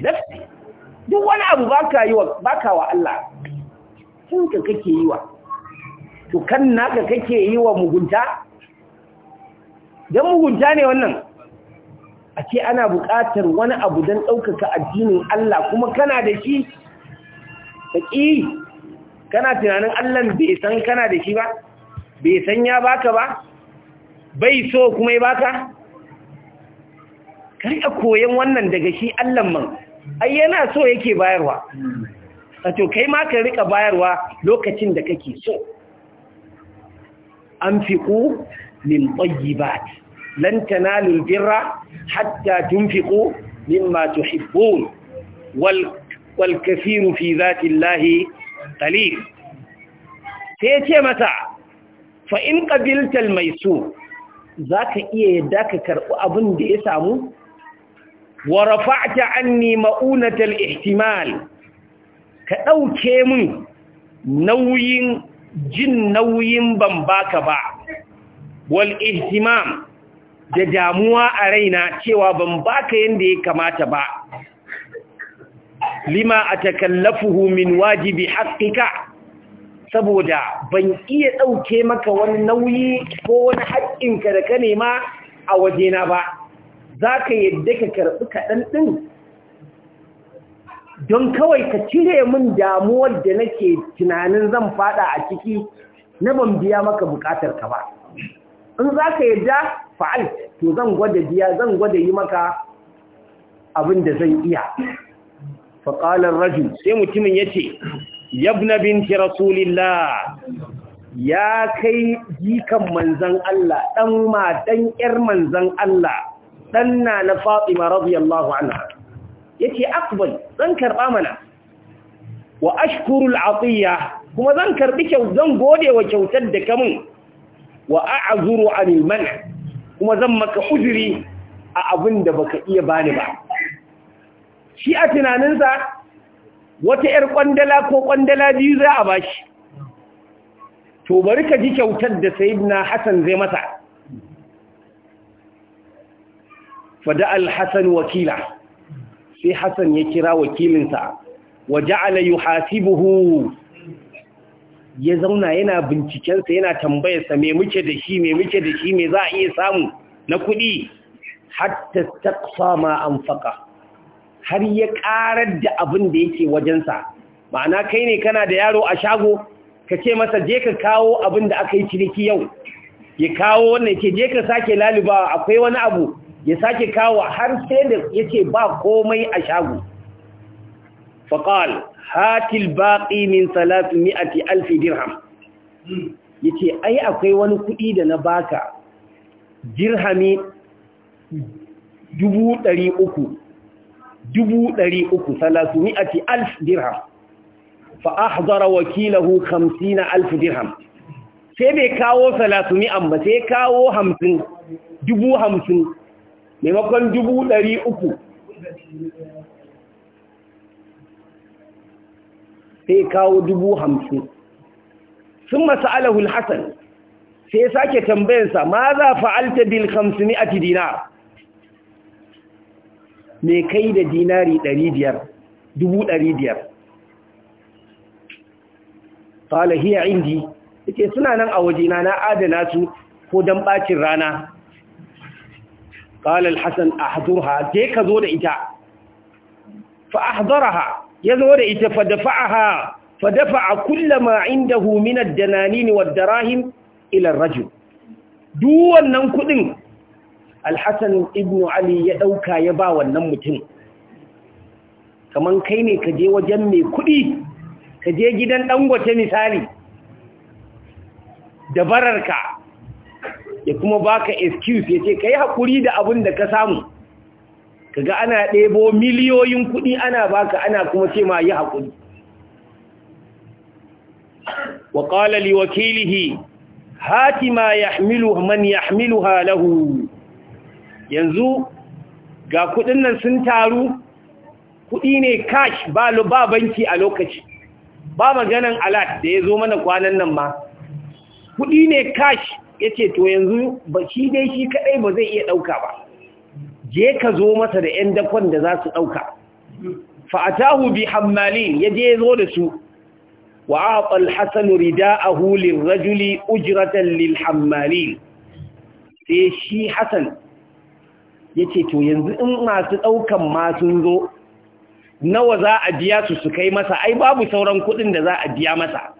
Speaker 1: nafsi duk wani abu baka yi wa baka wa Allah kanka kake yi wa to kan naka kake yi wa mugunta dan mugunta ne wannan a ce ana buƙatar wani abu don ɗaukaka addinin Allah kuma kana da shi faƙi kana tunanin Allah bai san kana da shi ba bai san ya baka ba bai so kuma ya baka kar a wannan daga shi Allah man ai yana so yake bayarwa a to kai ma ka rika bayarwa lokacin da kake so an fiƙo min ɓayyibat lan tanalu birra hatta tunfiqu mimma tuhibbun wal wal kafiru fi zati llahi qalil sai ce mata fa in qabilta al maisur zaka iya yadda ka karɓi abin da ya samu wa rafa'ta anni ma'unatal ihtimal ka ɗauke min nauyin jin nauyin ban baka ba wal ihtimam da damuwa a raina cewa ban baka yanda ya kamata ba lima atakallafuhu min wajibi haqqika saboda ban iya ɗauke maka wani nauyi ko wani haƙƙinka da ka nema a wajena ba za ka yadda ka karɓi kaɗan ɗin don kawai ka cire min damuwar da nake tunanin zan fada a ciki na ban biya maka bukatar ka ba in za ka yadda fa'al to zan gwada biya zan gwada yi maka abin da zan iya faƙalar rajul sai mutumin ya ce yabna binti rasulillah ya kai jikan manzan Allah ɗan ma ɗan ƴar manzan Allah ɗanna na fatima radiyallahu anha yake akbal zan karɓa mana wa ashkurul atiya kuma zan karɓi zan gode wa kyautar da kamun wa a'zuru anil man' kuma zan maka uzuri a abin da baka iya bani ba shi a tunaninsa wata 'yar kwandala ko kwandala biyu za a bashi to bari ka ji kyautar da sayyidina Hassan zai masa fada al-hasan wakila sai hasan ya kira wakilinsa wa ja'ala yuhasibuhu ya zauna yana bincikensa yana tambayarsa me muke da shi me muke da shi me za a iya samu na kuɗi hatta taqsa ma anfaqa har ya ƙarar da abin da yake wajensa ma'ana kai ne kana da yaro a shago ka ce masa je ka kawo abin da aka yi ciniki yau ya kawo wannan ke je ka sake lalubawa, akwai wani abu ya sake kawo har sai da ya ce ba komai a shago faqal hatil baqi min 300000 dirham ce ai akwai wani kuɗi da na baka dirhami 300 300 dirham fa ahdara wakilahu 50000 dirham sai bai kawo 300 ba sai kawo hamsin, dubu hamsin maimakon dubu ɗari uku sai kawo dubu hamsin sun masa'alahul hassan sai sake tambayansa ma za fa'alta bil hamsin a ti dinar mai kai da dinari ɗari biyar dubu ɗari biyar ƙala hiya indi yake suna nan a wajena na adana su ko don ɓacin rana qala al-hasan ahdurha je ka zo da ita fa ya zo da ita fa dafa'aha fa dafa'a kullama indahu min ad-dananin ne wadda rahim, ar-rajul duk wannan kudin Alhassan Ibnu ibn ali ya ɗauka ya ba wannan mutum kaman kai ne ka je wajen mai kudi ka je gidan dangote misali dabararka ya kuma baka excuse ya ce ka yi haƙuri da abin da ka samu kaga ana ɗebo miliyoyin kuɗi ana baka ana kuma ce ma yi haƙuri wa ƙala Hatima hati ma ya man ya hamilu halahu yanzu ga kuɗin nan sun taru kuɗi ne cash ba banki a lokaci ba maganan alat da ya zo mana kwanan nan ma kuɗi ne kash. ya ce to yanzu ba shi dai shi kadai ba zai iya ɗauka ba je ka zo masa da ‘yan dakon da za su ɗauka fa'atahu bi hammali ya je zo da su wa aɓal hasanu rida a hulin rajuli ujiratan lil hammali sai shi hasan ya ce to yanzu in masu ɗaukan masun zo nawa za a biya su su kai masa ai babu sauran kuɗin da za a biya masa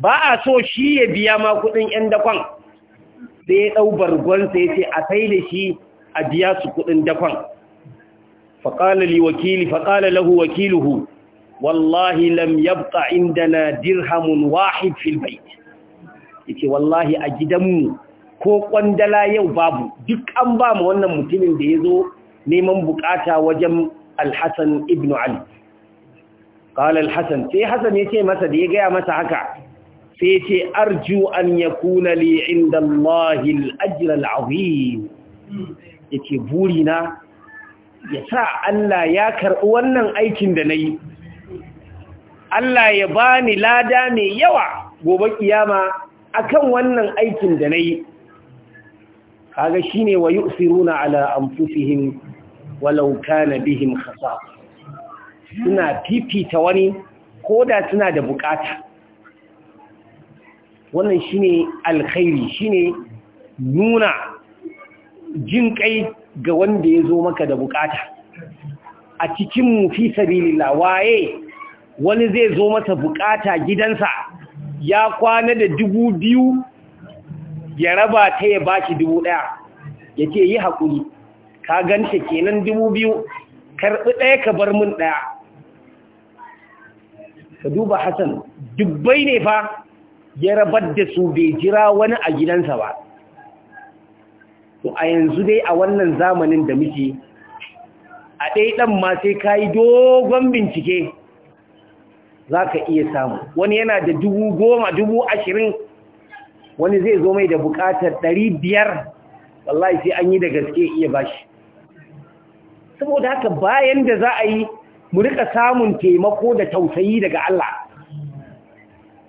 Speaker 1: ba a so shi ya biya ma kuɗin ‘yan dakon sai ya ɗau bargonsa sai, ce a sai da shi a biya su kuɗin dakon faƙala wakili faƙala lahu wakiluhu wallahi lam yabqa indana dirhamun wahid fil bait yace wallahi a gidanmu ko kwandala yau babu duk an ba mu wannan mutumin da yazo neman bukata wajen al-Hasan ibn Ali qala al-Hasan sai Hasan yace masa da ya gaya masa haka sai ce arju an yakuna li inda Allahil ajral ya ce burina ya sa Allah ya karɓi wannan aikin da na yi, Allah ya bani lada mai yawa gobe kiyama kan wannan aikin da na yi, kaga shi ne wa yi usiru na amfusihin walauka na bihin kasa. suna fifita wani ko da suna da bukata. wannan shine alkhairi shine nuna jin kai ga wanda ya zo maka da bukata a cikin mu fi sabilillah waye wani zai zo masa bukata gidansa ya kwana da dubu biyu ya raba ta ya ba shi dubu daya ya ce yi haƙuri ka ganta kenan dubu biyu karɓi ɗaya ka bar mun ɗaya ka duba hassan dubbai ne fa ya rabar da su bai jira wani a gidansa ba to a yanzu dai a wannan zamanin da muke a ɗai ɗan ma sai ka yi dogon bincike za ka iya samu wani yana da dubu goma dubu ashirin wani zai zo mai da buƙatar ɗari biyar wallahi sai an yi da gaske iya bashi saboda haka bayan da za a yi mu rika samun taimako da tausayi daga Allah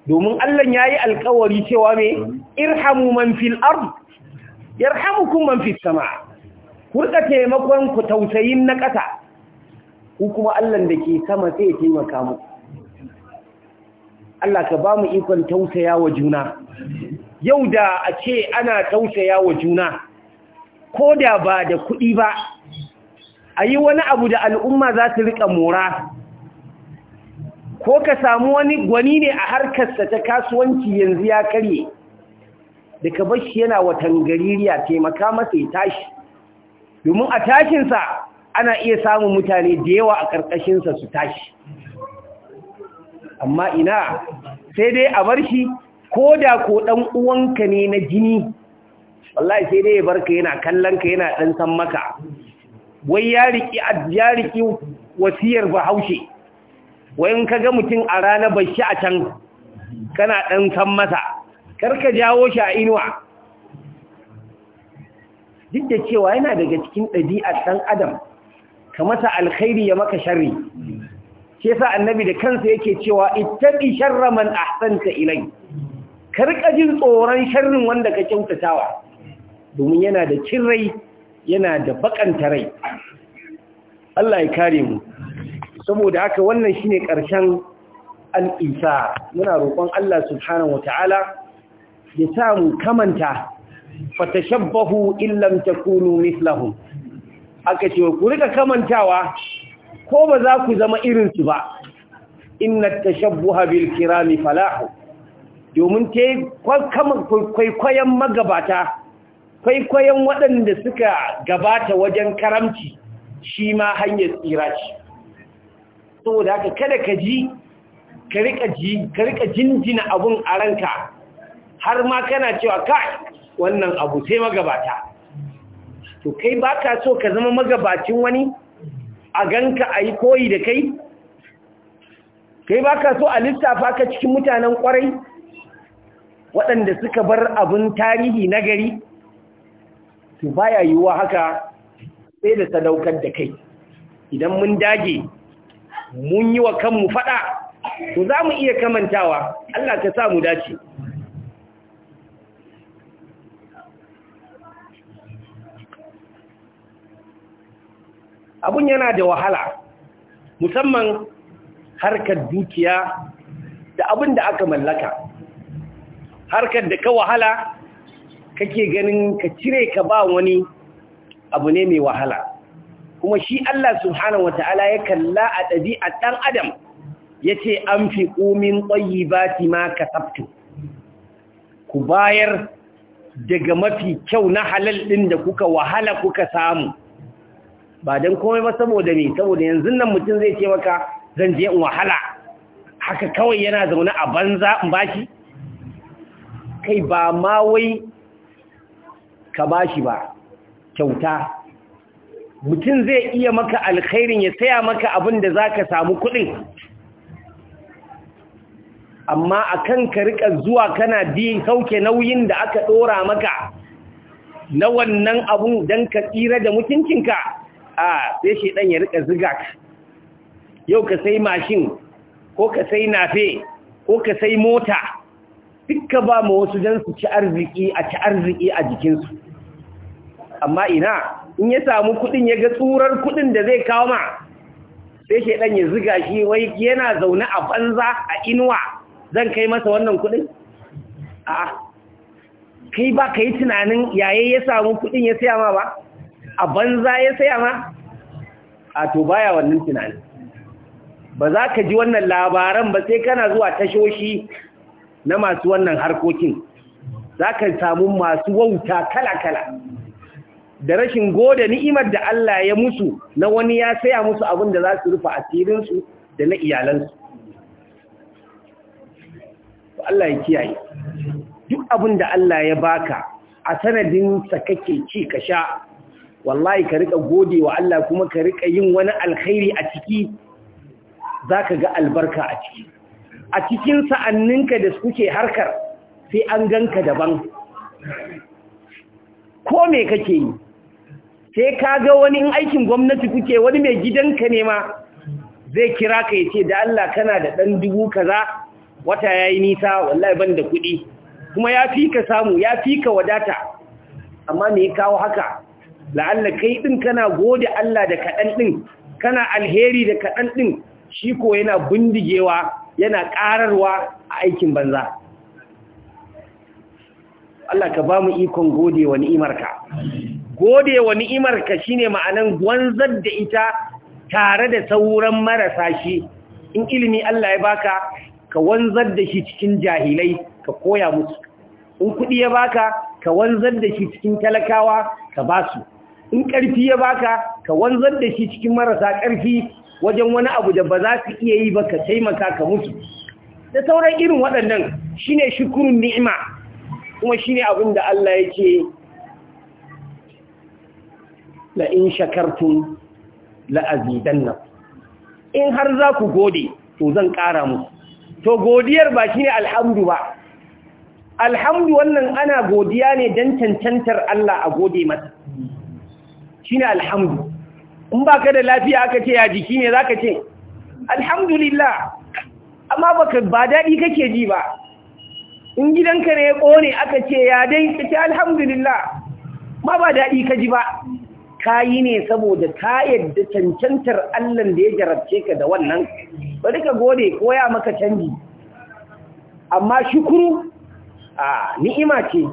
Speaker 1: domin Allah ya yi alkawari cewa me irhamu man fil ard yarhamukum man fis sama ku taimakon ku tausayin na ƙasa ku kuma Allah da ke sama sai ya taimaka mu Allah ka ba mu ikon tausaya wa juna yau da a ce ana tausaya wa juna ko da ba da kuɗi ba a yi wani abu da al'umma za su riƙa mora ko ka samu wani gwani ne a harkarsa ta kasuwanci yanzu ya karye da ka bashi yana watan gaririya taimaka masa ya tashi domin a tashinsa ana iya samun mutane da yawa a ƙarƙashinsa su tashi amma ina sai dai a bar shi ko da ko ɗan uwanka ne na jini wallahi sai dai ya bar ka yana kallon ka yana ɗan san maka wai ya riƙi wasiyar bahaushe wayan ka ga mutum a rana bashi a can kana ɗan san masa karka jawo shi a inuwa duk da cewa yana daga cikin ɗabi'ar ɗan adam ka masa alkhairi ya maka sharri shi sa annabi da kansa yake cewa ittabi sharra man ahsanta ilai karka jin tsoron sharrin wanda ka kyautatawa domin yana da cin rai yana da bakanta rai Allah ya kare mu saboda haka wannan shine ƙarshen al'isa muna roƙon Allah subhanahu wata'ala ya sa mu kamanta fatashabbahu illam takunu mislahum aka ce ku rika kamantawa ko ba za ku zama irin su ba inna tashabbuha bil kirami falahu domin te kwaikwayon magabata kwaikwayon waɗanda suka gabata wajen karamci shi ma hanyar tsira ce saboda haka kada ka ji ka rika jinjina abun a ranka har ma kana cewa kai wannan abu sai magabata to kai ba ka so ka zama magabacin wani a ganka ayi koyi da kai kai ba ka so a lissafa ka cikin mutanen kwarai waɗanda suka bar abun tarihi na gari to baya yiwuwa haka sai da sadaukar da kai idan mun dage mun yi wa kanmu faɗa, to za mu iya kamantawa Allah ka sa mu dace abun yana da wahala musamman harkar dukiya da abin da aka mallaka harkar da ka wahala kake ganin ka cire ka ba wani abu ne mai wahala kuma shi Allah subhanahu wata'ala ya kalla a ɗabi'a ɗan adam ya ce an fi ƙomin ƙwayi ba ma ka ku bayar daga mafi kyau na halal ɗin da kuka wahala kuka samu ba don komai ba saboda ne saboda yanzu nan mutum zai ce maka zan je in wahala haka kawai yana zaune a banza in bashi kai ba ma wai ka bashi ba kyauta mutum zai iya maka alkhairin ya saya maka abin da za ka samu kuɗin amma a kan ka riƙa zuwa kana bi sauke nauyin da aka ɗora maka na wannan abun don ka tsira da mutuncinka a sai shi ɗan ya riƙa ziga yau ka sai mashin ko ka sai nafe ko ka sai mota dukka ba ma wasu don su ci arziki a ci arziki a jikinsu amma ina in ya samu kudin ya ga tsurar kudin da zai kawo ma sai shedan ya ziga shi wai yana zaune a banza a inuwa zan kai masa wannan kudin a kai ba kai tunanin yaye ya samu kudin ya saya ma ba a banza ya saya ma a to baya wannan tunanin ba za ka ji wannan labaran ba sai kana zuwa tashoshi na masu wannan harkokin za ka samu masu wauta kala-kala da rashin gode ni'imar da Allah ya musu na wani ya saya musu abin da za su rufa asirinsu da na iyalansu. Allah ya kiyaye. Duk abin da Allah ya baka a sanadin sa kake ci ka sha, wallahi ka rika gode wa Allah kuma ka rika yin wani alkhairi a ciki za ka ga albarka a ciki. A cikin sa'anninka da suke harkar sai an ganka daban. Ko me kake yi? sai ka ga wani in aikin gwamnati kuke wani mai gidanka ne ma zai kira ka ya ce da Allah kana da ɗan dubu kaza wata ya yi nisa wallahi ban da kuɗi kuma ya fi ka samu ya fi ka wadata amma me ya kawo haka la'alla kai ɗin kana gode Allah da kaɗan ɗin kana alheri da kaɗan ɗin shi ko yana bindigewa yana ƙararwa a aikin banza Allah ka ba mu ikon gode wa ni'imarka. gode wa ni'imar ka shine ma'anan gwanzar da ita tare da sauran marasa shi in ilimi Allah ya baka ka wanzar da shi cikin jahilai ka koya musu in kuɗi ya baka ka wanzar da shi cikin talakawa ka ba su, in ƙarfi ya baka ka wanzar da shi cikin marasa karfi wajen wani abu da ba za su iya yi ba ka taimaka ka mutu da sauran irin waɗannan shine shukurun ni'ima kuma shine abin da Allah ya ce. la in shakartum la azidanna in har za ku gode to zan ƙara musu. to godiyar ba shine alhamdu ba alhamdu wannan ana godiya ne dan tantantar Allah a gode masa shine alhamdu in ba ka da lafiya aka ce ya jiki ne zaka ce alhamdulillah amma baka ba daɗi kake ji ba in gidanka ne ya ƙone aka ce ya dai ka ce alhamdulillah ma ba daɗi ka ji ba ka yi ne saboda ka yadda cancantar Allahn da ya jarabce ka da wannan bari ka gode ko ya maka canji amma shukuru a ni'ima ce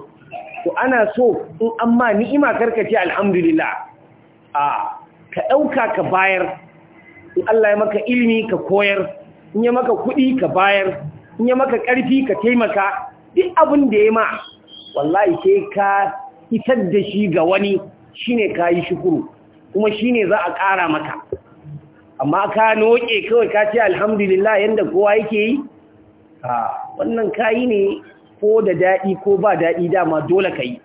Speaker 1: to ana so in amma ni'ima karkace alhamdulillah a ka ɗauka ka bayar in Allah ya maka ilimi ka koyar in ya maka kuɗi ka bayar in ya maka ƙarfi ka taimaka duk abin da ya ma wallahi sai ka fitar da shi ga wani shine kayi shukuru kuma shine za a ƙara maka amma ka noke kawai ka ce alhamdulillah yanda kowa yake yi a wannan kayi ne ko da daɗi ko ba daɗi dama dole ka yi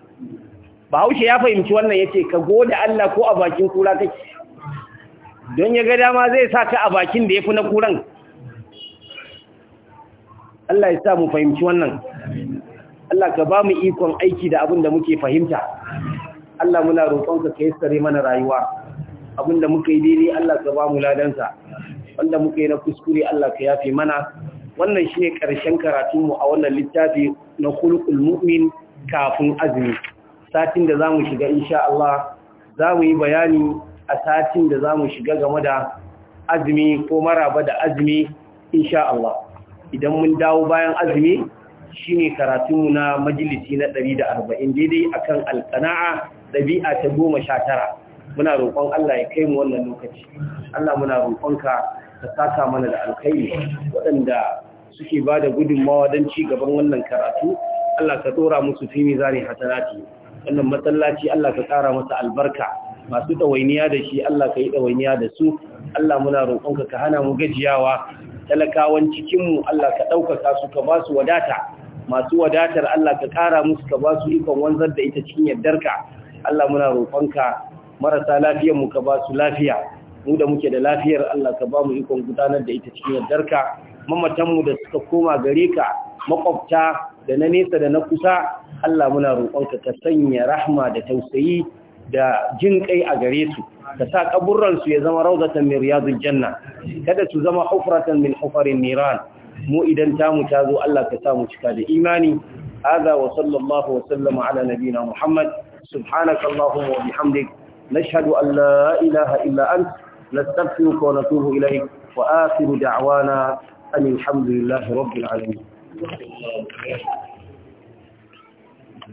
Speaker 1: bahaushe ya fahimci wannan ya ce ka goda Allah ko a bakin kura kake don ya ga dama zai sa ka a bakin da ya fi na kuran Allah ya sa mu fahimci wannan Allah ka ba mu ikon aiki da abin da muke fahimta Allah muna roƙonka ka yassare mana rayuwa abinda muka yi daidai Allah ka ba mu ladansa wanda muka yi na kuskure Allah ka yafe mana wannan shine karshen karatun mu a wannan littafi na khuluqul mu'min kafin azumi satin da zamu shiga insha Allah zamu yi bayani a satin da zamu shiga game da azumi ko maraba da azumi insha Allah idan mun dawo bayan azumi shine karatunmu na majalisi na 140 daidai akan alqana'a ɗabi'a ta goma sha tara muna roƙon Allah ya kai mu wannan lokaci Allah muna roƙonka ka saka mana da alkhairi waɗanda suke ba da gudunmawa don ci gaban wannan karatu Allah ka tsora musu fi mizani hasanati wannan masallaci Allah ka ƙara masa albarka masu ɗawainiya da shi Allah ka yi ɗawainiya da su Allah muna roƙonka ka hana mu gajiyawa talakawan cikinmu Allah ka ɗaukaka su ka ba su wadata masu wadatar Allah ka ƙara musu ka ba su ikon wanzar da ita cikin yardarka Allah muna roƙonka marasa lafiyar mu ka ba su lafiya mu da muke da lafiyar Allah ka ba mu ikon gudanar da ita cikin yardarka mamatan mu da suka koma gare ka makwabta da na nesa da na kusa Allah muna roƙonka ka sanya rahma da tausayi da jin kai a gare su ka sa kaburran su ya zama rawdatan min riyadul janna kada su zama hufratan min hufarin niran mu idan ta mu ta zo Allah ka sa mu cika da imani hadha wa sallallahu wa sallama ala muhammad سبحانك اللهم وبحمدك نشهد أن لا إله إلا أنت نستغفرك ونتوب إليك وآخر دعوانا أن الحمد لله رب العالمين